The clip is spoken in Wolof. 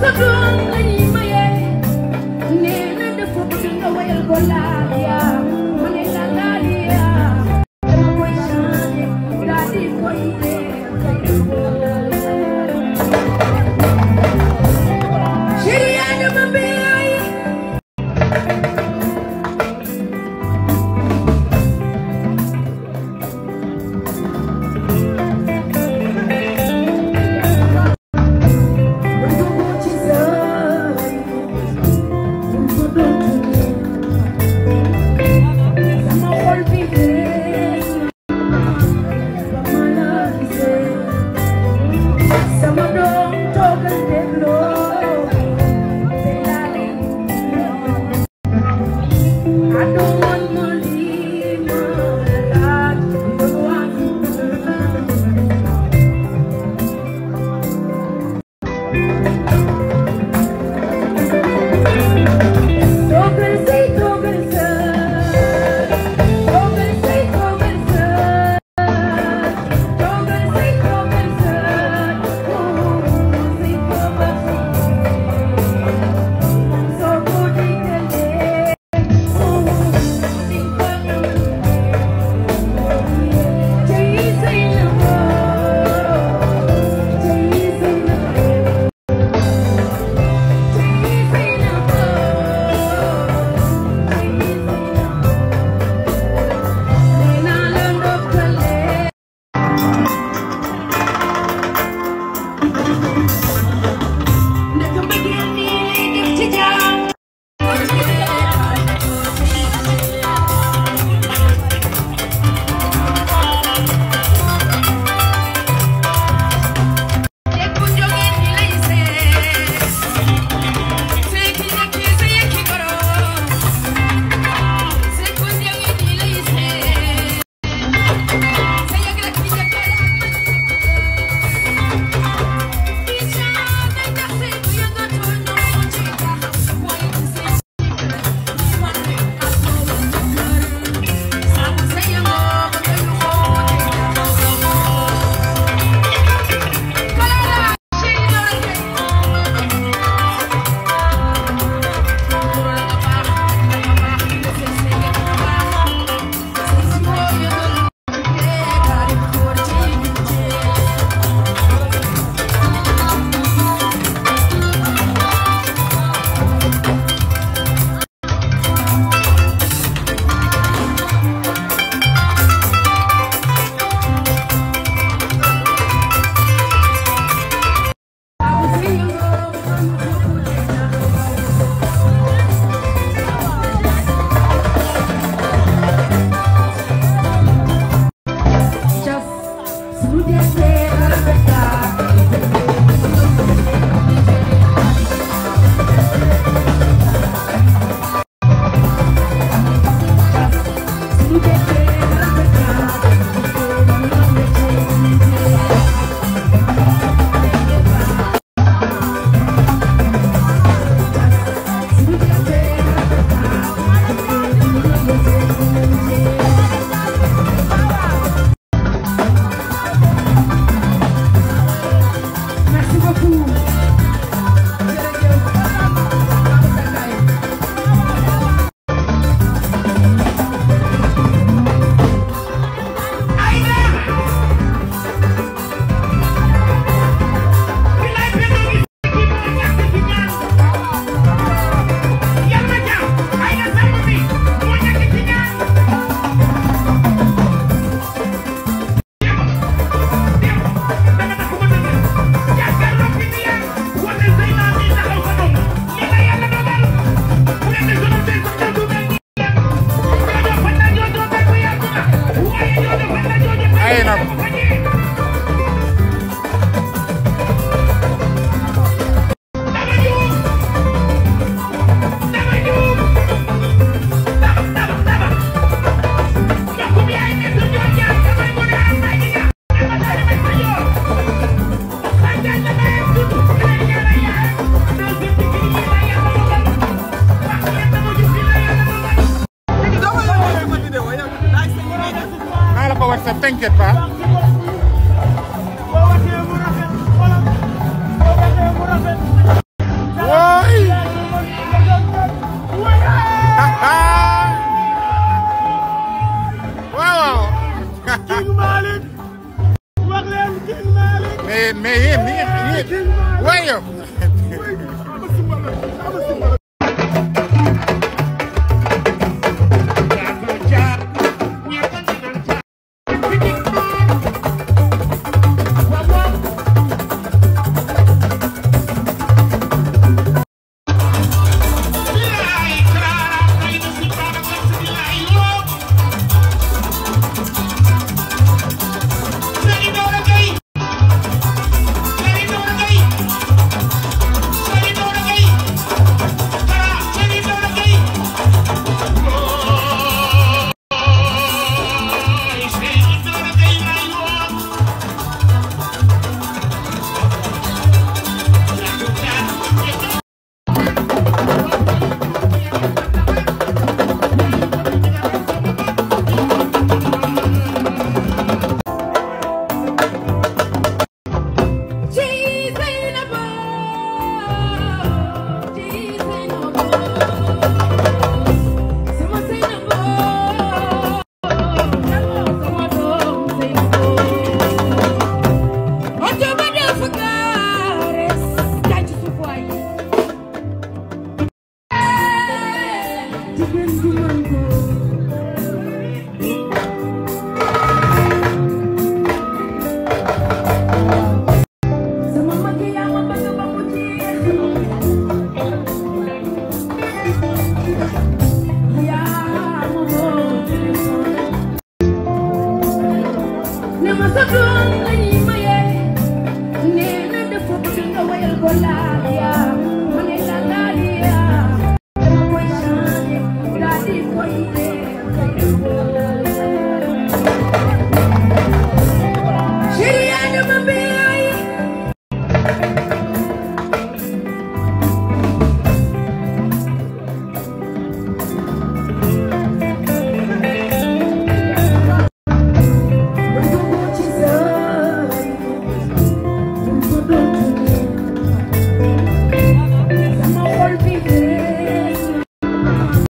sakın waaye yow